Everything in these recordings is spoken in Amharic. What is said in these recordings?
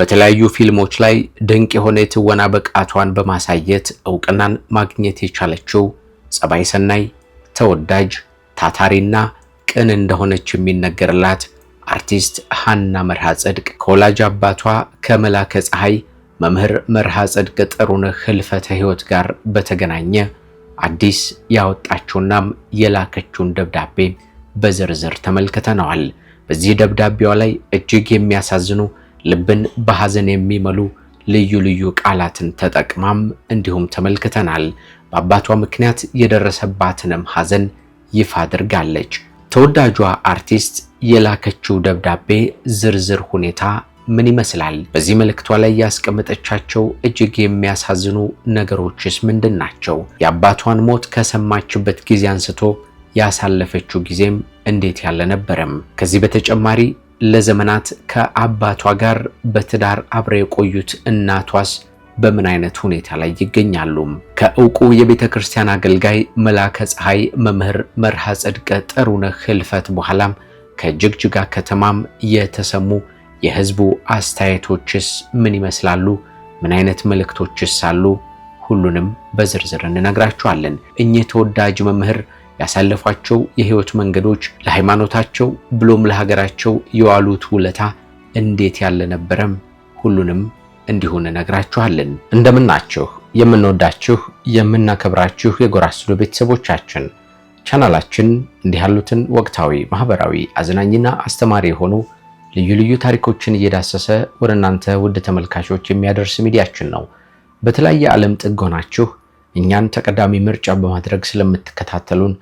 በተለያዩ ፊልሞች ላይ ድንቅ የሆነ የትወና ብቃቷን በማሳየት እውቅናን ማግኘት የቻለችው ጸባይ ሰናይ፣ ተወዳጅ፣ ታታሪና ቅን እንደሆነች የሚነገርላት አርቲስት ሃና መርሃ ጽድቅ ከወላጅ አባቷ ከመላከ ፀሐይ መምህር መርሃ ጽድቅ ጥሩን ህልፈተ ህይወት ጋር በተገናኘ አዲስ ያወጣችውናም የላከችውን ደብዳቤ በዝርዝር ተመልክተነዋል። በዚህ ደብዳቤዋ ላይ እጅግ የሚያሳዝኑ ልብን በሐዘን የሚመሉ ልዩ ልዩ ቃላትን ተጠቅማም እንዲሁም ተመልክተናል። በአባቷ ምክንያት የደረሰባትንም ሐዘን ይፋ አድርጋለች። ተወዳጇ አርቲስት የላከችው ደብዳቤ ዝርዝር ሁኔታ ምን ይመስላል? በዚህ መልእክቷ ላይ ያስቀመጠቻቸው እጅግ የሚያሳዝኑ ነገሮችስ ምንድን ናቸው? የአባቷን ሞት ከሰማችበት ጊዜ አንስቶ ያሳለፈችው ጊዜም እንዴት ያለ ነበረም? ከዚህ በተጨማሪ ለዘመናት ከአባቷ ጋር በትዳር አብረው የቆዩት እናቷስ በምን አይነት ሁኔታ ላይ ይገኛሉ? ከእውቁ የቤተ ክርስቲያን አገልጋይ መላከ ፀሐይ መምህር መርሃ ጽድቀ ጥሩነህ ህልፈት በኋላም ከጅግጅጋ ከተማም የተሰሙ የህዝቡ አስተያየቶችስ ምን ይመስላሉ? ምን አይነት መልእክቶችስ አሉ? ሁሉንም በዝርዝር እንነግራችኋለን። እኚህ ተወዳጅ መምህር ያሳለፏቸው የህይወት መንገዶች፣ ለሃይማኖታቸው ብሎም ለሀገራቸው የዋሉት ውለታ እንዴት ያለ ነበረም ሁሉንም እንዲሁን እነግራችኋለን። እንደምናችሁ የምንወዳችሁ የምናከብራችሁ የጎራ ስቱዲዮ ቤተሰቦቻችን ቻናላችን እንዲህ ያሉትን ወቅታዊ፣ ማህበራዊ፣ አዝናኝና አስተማሪ የሆኑ ልዩ ልዩ ታሪኮችን እየዳሰሰ ወደ እናንተ ውድ ተመልካቾች የሚያደርስ ሚዲያችን ነው። በተለያየ ዓለም ጥግ ሆናችሁ እኛን ተቀዳሚ ምርጫ በማድረግ ስለምትከታተሉን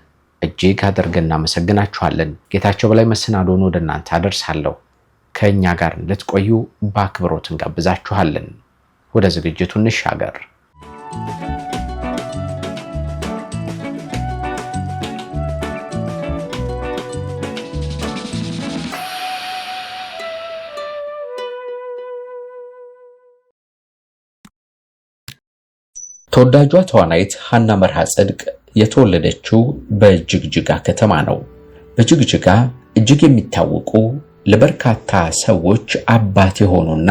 እጅግ አድርገን እናመሰግናችኋለን። ጌታቸው በላይ መሰናዶን ወደ እናንተ አደርሳለሁ። ከእኛ ጋር እንድትቆዩ በአክብሮት እንጋብዛችኋለን። ወደ ዝግጅቱ እንሻገር። ተወዳጇ ተዋናይት ሀና መርሃ ጽድቅ የተወለደችው በጅግጅጋ ከተማ ነው። በጅግጅጋ እጅግ የሚታወቁ ለበርካታ ሰዎች አባት የሆኑና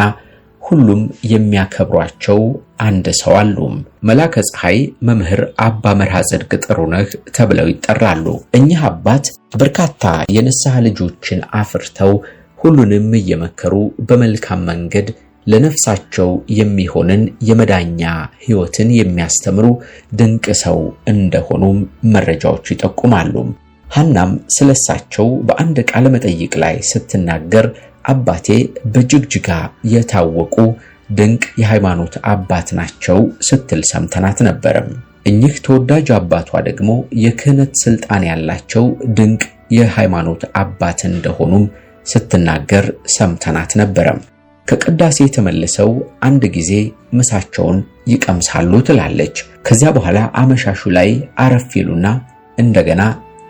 ሁሉም የሚያከብሯቸው አንድ ሰው አሉም። መላከ ፀሐይ መምህር አባ መርሃ ጽድቅ ጥሩነህ ተብለው ይጠራሉ። እኚህ አባት በርካታ የንስሐ ልጆችን አፍርተው ሁሉንም እየመከሩ በመልካም መንገድ ለነፍሳቸው የሚሆንን የመዳኛ ሕይወትን የሚያስተምሩ ድንቅ ሰው እንደሆኑም መረጃዎች ይጠቁማሉ። ሐናም ስለሳቸው በአንድ ቃለ መጠይቅ ላይ ስትናገር አባቴ በጅግጅጋ የታወቁ ድንቅ የሃይማኖት አባት ናቸው ስትል ሰምተናት ነበረም። እኚህ ተወዳጅ አባቷ ደግሞ የክህነት ስልጣን ያላቸው ድንቅ የሃይማኖት አባት እንደሆኑም ስትናገር ሰምተናት ነበረም። ከቅዳሴ ተመልሰው አንድ ጊዜ ምሳቸውን ይቀምሳሉ ትላለች። ከዚያ በኋላ አመሻሹ ላይ አረፍ ይሉና እንደገና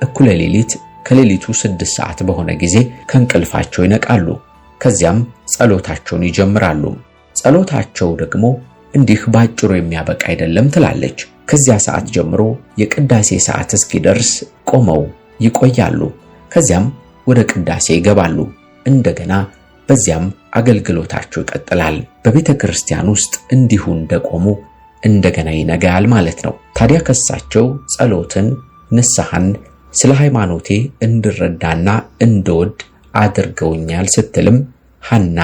እኩለ ሌሊት ከሌሊቱ ስድስት ሰዓት በሆነ ጊዜ ከእንቅልፋቸው ይነቃሉ። ከዚያም ጸሎታቸውን ይጀምራሉ። ጸሎታቸው ደግሞ እንዲህ ባጭሩ የሚያበቃ አይደለም ትላለች። ከዚያ ሰዓት ጀምሮ የቅዳሴ ሰዓት እስኪደርስ ቆመው ይቆያሉ። ከዚያም ወደ ቅዳሴ ይገባሉ። እንደገና በዚያም አገልግሎታቸው ይቀጥላል። በቤተ ክርስቲያን ውስጥ እንዲሁ እንደቆሙ እንደገና ይነጋል ማለት ነው። ታዲያ ከሳቸው ጸሎትን፣ ንስሐን ስለ ሃይማኖቴ እንድረዳና እንድወድ አድርገውኛል ስትልም ሀና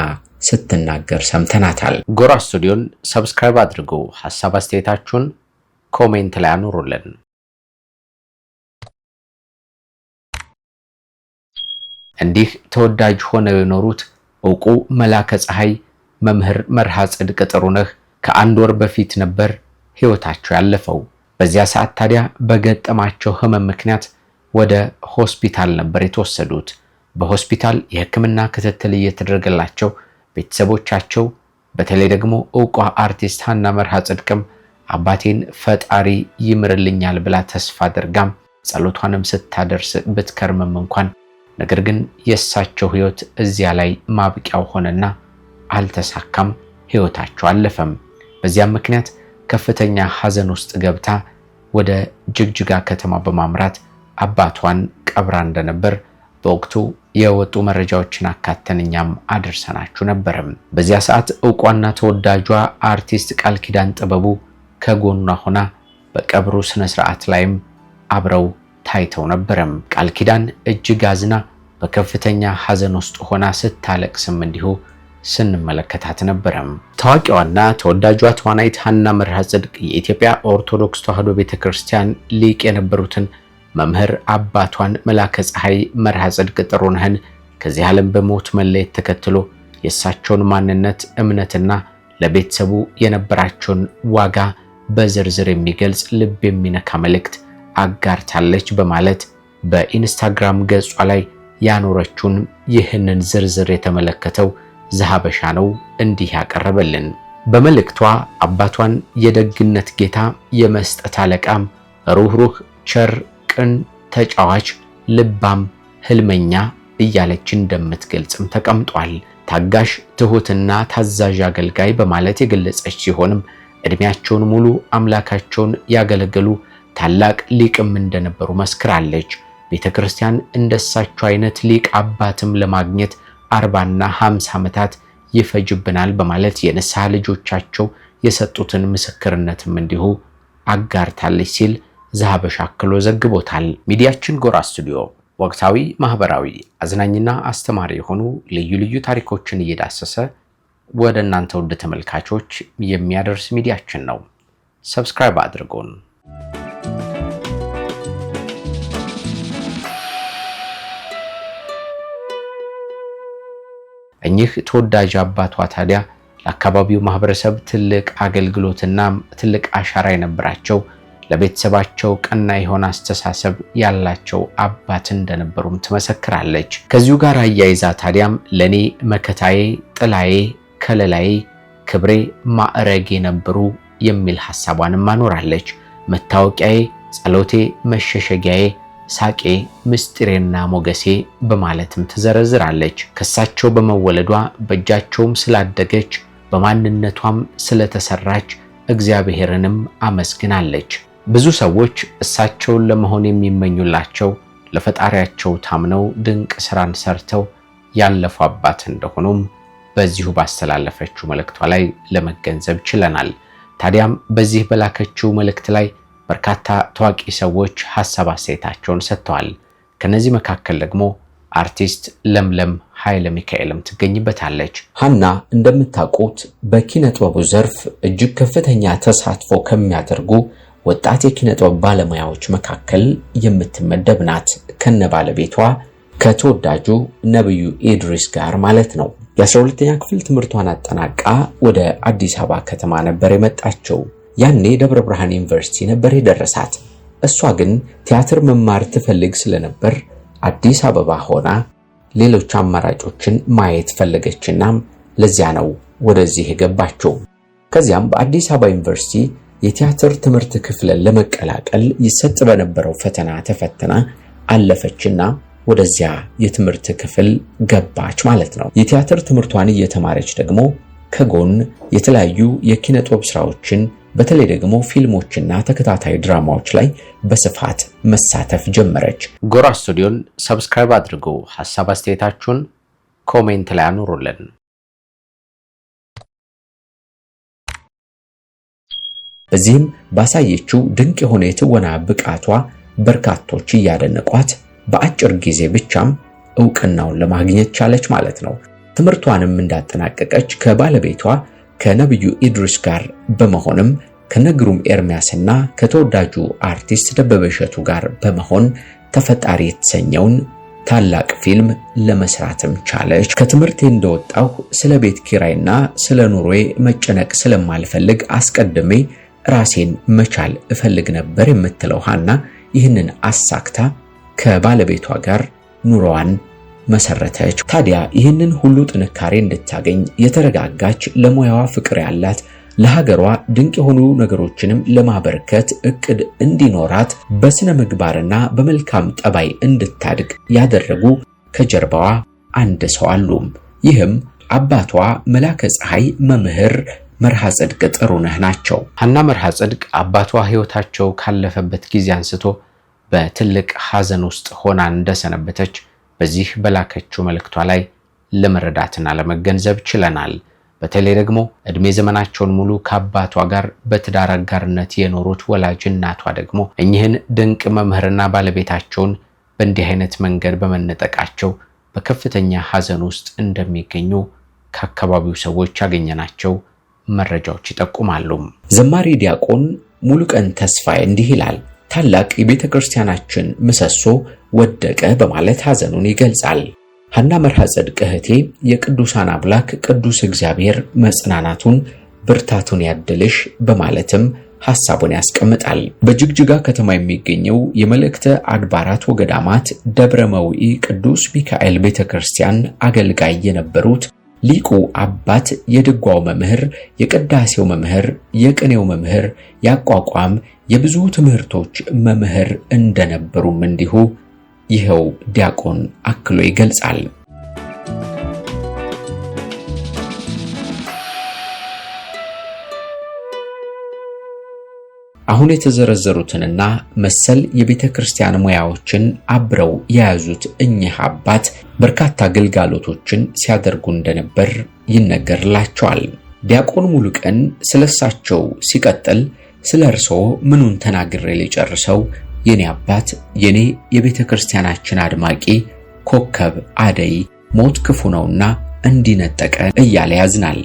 ስትናገር ሰምተናታል። ጎራ ስቱዲዮን ሰብስክራይብ አድርጉ። ሀሳብ አስተያየታችሁን ኮሜንት ላይ አኑሩልን። እንዲህ ተወዳጅ ሆነው የኖሩት እውቁ መላከ ፀሐይ መምህር መርሃ ጽድቅ ጥሩነህ ከአንድ ወር በፊት ነበር ሕይወታቸው ያለፈው። በዚያ ሰዓት ታዲያ በገጠማቸው ህመም ምክንያት ወደ ሆስፒታል ነበር የተወሰዱት። በሆስፒታል የህክምና ክትትል እየተደረገላቸው ቤተሰቦቻቸው በተለይ ደግሞ ዕውቋ አርቲስት ሀና መርሃ ጽድቅም አባቴን ፈጣሪ ይምርልኛል ብላ ተስፋ አድርጋም ጸሎቷንም ስታደርስ ብትከርምም እንኳን ነገር ግን የእሳቸው ህይወት እዚያ ላይ ማብቂያው ሆነና አልተሳካም፣ ህይወታቸው አለፈም። በዚያም ምክንያት ከፍተኛ ሐዘን ውስጥ ገብታ ወደ ጅግጅጋ ከተማ በማምራት አባቷን ቀብራ እንደነበር በወቅቱ የወጡ መረጃዎችን አካተን እኛም አድርሰናችሁ ነበርም። በዚያ ሰዓት እውቋና ተወዳጇ አርቲስት ቃል ኪዳን ጥበቡ ከጎኗ ሆና በቀብሩ ስነ ስርዓት ላይም አብረው ታይተው ነበረም። ቃል ኪዳን እጅግ አዝና በከፍተኛ ሐዘን ውስጥ ሆና ስታለቅስም እንዲሁ ስንመለከታት ነበረም። ታዋቂዋና ተወዳጇ ተዋናይት ሀና መርሃ ጽድቅ የኢትዮጵያ ኦርቶዶክስ ተዋሕዶ ቤተ ክርስቲያን ሊቅ የነበሩትን መምህር አባቷን መላከ ፀሐይ መርሃ ጽድቅ ጥሩነህን ከዚህ ዓለም በሞት መለየት ተከትሎ የእሳቸውን ማንነት እምነትና ለቤተሰቡ የነበራቸውን ዋጋ በዝርዝር የሚገልጽ ልብ የሚነካ መልእክት አጋርታለች በማለት በኢንስታግራም ገጿ ላይ ያኖረችውን ይህንን ዝርዝር የተመለከተው ዘሐበሻ ነው እንዲህ ያቀረበልን። በመልእክቷ አባቷን የደግነት ጌታ የመስጠት አለቃም ሩህሩህ ቸር፣ ቅን፣ ተጫዋች፣ ልባም፣ ህልመኛ እያለች እንደምትገልጽም ተቀምጧል። ታጋሽ፣ ትሁትና ታዛዥ አገልጋይ በማለት የገለጸች ሲሆንም ዕድሜያቸውን ሙሉ አምላካቸውን ያገለገሉ ታላቅ ሊቅም እንደነበሩ መስክራለች። ቤተ ክርስቲያን እንደሳቸው አይነት ሊቅ አባትም ለማግኘት አርባና ሃምሳ ዓመታት ይፈጅብናል በማለት የንስሐ ልጆቻቸው የሰጡትን ምስክርነትም እንዲሁ አጋርታለች ሲል ዘሀበሻ አክሎ ዘግቦታል። ሚዲያችን ጎራ ስቱዲዮ ወቅታዊ፣ ማህበራዊ፣ አዝናኝና አስተማሪ የሆኑ ልዩ ልዩ ታሪኮችን እየዳሰሰ ወደ እናንተ ውድ ተመልካቾች የሚያደርስ ሚዲያችን ነው። ሰብስክራይብ አድርጎን እኚህ ተወዳጅ አባቷ ታዲያ ለአካባቢው ማህበረሰብ ትልቅ አገልግሎትና ትልቅ አሻራ የነበራቸው ለቤተሰባቸው ቀና የሆነ አስተሳሰብ ያላቸው አባት እንደነበሩም ትመሰክራለች። ከዚሁ ጋር አያይዛ ታዲያም ለእኔ መከታዬ፣ ጥላዬ፣ ከለላዬ፣ ክብሬ፣ ማዕረግ ነበሩ የሚል ሐሳቧንም አኖራለች። መታወቂያዬ፣ ጸሎቴ፣ መሸሸጊያዬ ሳቄ ምስጢሬና ሞገሴ በማለትም ትዘረዝራለች። ከሳቸው በመወለዷ በእጃቸውም ስላደገች በማንነቷም ስለተሰራች እግዚአብሔርንም አመስግናለች። ብዙ ሰዎች እሳቸውን ለመሆን የሚመኙላቸው ለፈጣሪያቸው ታምነው ድንቅ ስራን ሰርተው ያለፉ አባት እንደሆኑም በዚሁ ባስተላለፈችው መልእክቷ ላይ ለመገንዘብ ችለናል። ታዲያም በዚህ በላከችው መልእክት ላይ በርካታ ታዋቂ ሰዎች ሀሳብ አስተያየታቸውን ሰጥተዋል። ከነዚህ መካከል ደግሞ አርቲስት ለምለም ኃይለ ሚካኤልም ትገኝበታለች። ሀና እንደምታውቁት በኪነ ጥበቡ ዘርፍ እጅግ ከፍተኛ ተሳትፎ ከሚያደርጉ ወጣት የኪነ ጥበብ ባለሙያዎች መካከል የምትመደብ ናት። ከነ ባለቤቷ ከተወዳጁ ነብዩ ኢድሪስ ጋር ማለት ነው። የ12ኛ ክፍል ትምህርቷን አጠናቃ ወደ አዲስ አበባ ከተማ ነበር የመጣችው። ያኔ ደብረ ብርሃን ዩኒቨርሲቲ ነበር የደረሳት። እሷ ግን ቲያትር መማር ትፈልግ ስለነበር አዲስ አበባ ሆና ሌሎች አማራጮችን ማየት ፈለገችና ለዚያ ነው ወደዚህ የገባችው። ከዚያም በአዲስ አበባ ዩኒቨርሲቲ የቲያትር ትምህርት ክፍልን ለመቀላቀል ይሰጥ በነበረው ፈተና ተፈትና አለፈችና ወደዚያ የትምህርት ክፍል ገባች ማለት ነው። የቲያትር ትምህርቷን እየተማረች ደግሞ ከጎን የተለያዩ የኪነጥበብ ስራዎችን በተለይ ደግሞ ፊልሞችና ተከታታይ ድራማዎች ላይ በስፋት መሳተፍ ጀመረች። ጎራ ስቱዲዮን ሰብስክራይብ አድርጉ። ሀሳብ አስተያየታችሁን ኮሜንት ላይ አኑሩልን። በዚህም ባሳየችው ድንቅ የሆነ የትወና ብቃቷ በርካቶች እያደነቋት በአጭር ጊዜ ብቻም እውቅናውን ለማግኘት ቻለች ማለት ነው። ትምህርቷንም እንዳጠናቀቀች ከባለቤቷ ከነብዩ ኢድሪስ ጋር በመሆንም ከነግሩም ኤርሚያስና ከተወዳጁ አርቲስት ደበበ እሸቱ ጋር በመሆን ተፈጣሪ የተሰኘውን ታላቅ ፊልም ለመስራትም ቻለች። ከትምህርቴ እንደወጣሁ ስለ ቤት ኪራይና ስለ ኑሮዬ መጨነቅ ስለማልፈልግ አስቀድሜ ራሴን መቻል እፈልግ ነበር የምትለው ሀና ይህንን አሳክታ ከባለቤቷ ጋር ኑሮዋን መሰረተች። ታዲያ ይህንን ሁሉ ጥንካሬ እንድታገኝ የተረጋጋች ለሙያዋ ፍቅር ያላት ለሀገሯ ድንቅ የሆኑ ነገሮችንም ለማበርከት እቅድ እንዲኖራት በስነ ምግባርና በመልካም ጠባይ እንድታድግ ያደረጉ ከጀርባዋ አንድ ሰው አሉ ይህም አባቷ መላከ ፀሐይ መምህር መርሃ ጽድቅ ጥሩነህ ናቸው። ሀና መርሃ ጽድቅ አባቷ ሕይወታቸው ካለፈበት ጊዜ አንስቶ በትልቅ ሐዘን ውስጥ ሆና እንደሰነበተች በዚህ በላከችው መልእክቷ ላይ ለመረዳትና ለመገንዘብ ችለናል። በተለይ ደግሞ እድሜ ዘመናቸውን ሙሉ ከአባቷ ጋር በትዳር አጋርነት የኖሩት ወላጅ እናቷ ደግሞ እኚህን ድንቅ መምህርና ባለቤታቸውን በእንዲህ አይነት መንገድ በመነጠቃቸው በከፍተኛ ሐዘን ውስጥ እንደሚገኙ ከአካባቢው ሰዎች ያገኘናቸው መረጃዎች ይጠቁማሉ። ዘማሪ ዲያቆን ሙሉቀን ተስፋዬ እንዲህ ይላል። ታላቅ የቤተ ክርስቲያናችን ምሰሶ ወደቀ በማለት ሐዘኑን ይገልጻል። ሐና መርሐ ጽድቅ እህቴ የቅዱሳን አምላክ ቅዱስ እግዚአብሔር መጽናናቱን ብርታቱን ያድልሽ በማለትም ሐሳቡን ያስቀምጣል። በጅግጅጋ ከተማ የሚገኘው የመልእክተ አድባራት ወገዳማት ደብረ መውኢ ቅዱስ ሚካኤል ቤተክርስቲያን አገልጋይ የነበሩት ሊቁ አባት የድጓው መምህር፣ የቅዳሴው መምህር፣ የቅኔው መምህር፣ ያቋቋም የብዙ ትምህርቶች መምህር እንደነበሩም እንዲሁ ይኸው ዲያቆን አክሎ ይገልጻል። አሁን የተዘረዘሩትንና መሰል የቤተ ክርስቲያን ሙያዎችን አብረው የያዙት እኚህ አባት በርካታ ግልጋሎቶችን ሲያደርጉ እንደነበር ይነገርላቸዋል። ዲያቆን ሙሉቀን ስለሳቸው ሲቀጥል ስለ እርሶ ምኑን ተናግሬ ሊጨርሰው የኔ አባት የኔ የቤተ ክርስቲያናችን አድማቂ ኮከብ አደይ ሞት ክፉ ነውና እንዲነጠቀን እያለ ያዝናል።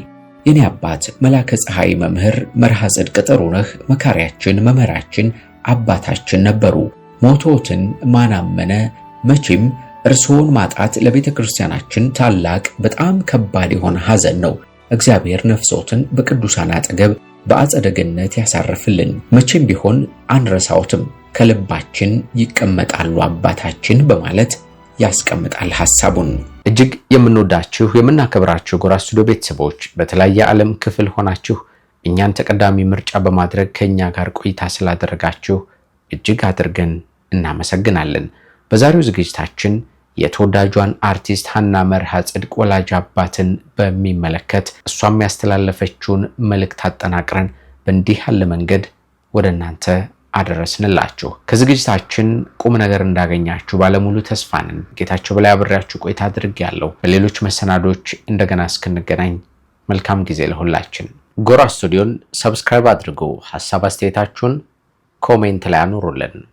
የኔ አባት መላከ ፀሐይ መምህር መርሃ ጽድቅ ነህ መካሪያችን፣ መምህራችን፣ አባታችን ነበሩ። ሞቶትን ማናመነ መቼም እርስዎን ማጣት ለቤተ ክርስቲያናችን ታላቅ በጣም ከባድ የሆነ ሐዘን ነው። እግዚአብሔር ነፍሶትን በቅዱሳን አጠገብ በአጸደ ገነት ያሳርፍልን። መቼም ቢሆን አንረሳዎትም። ከልባችን ይቀመጣሉ አባታችን በማለት ያስቀምጣል ሐሳቡን። እጅግ የምንወዳችሁ የምናከብራችሁ ጎራ ስቱዲዮ ቤተሰቦች በተለያየ ዓለም ክፍል ሆናችሁ እኛን ተቀዳሚ ምርጫ በማድረግ ከእኛ ጋር ቆይታ ስላደረጋችሁ እጅግ አድርገን እናመሰግናለን። በዛሬው ዝግጅታችን የተወዳጇን አርቲስት ሀና መርሃ ጽድቅ ወላጅ አባትን በሚመለከት እሷም ያስተላለፈችውን መልእክት አጠናቅረን በእንዲህ ያለ መንገድ ወደ እናንተ አደረስንላችሁ። ከዝግጅታችን ቁም ነገር እንዳገኛችሁ ባለሙሉ ተስፋንን ጌታቸው በላይ አብሬያችሁ ቆይታ ያለው በሌሎች መሰናዶች እንደገና እስክንገናኝ መልካም ጊዜ ለሁላችን። ጎራ ስቱዲዮን ሰብስክራይብ አድርጉ። ሀሳብ አስተያየታችሁን ኮሜንት ላይ አኑሩልን።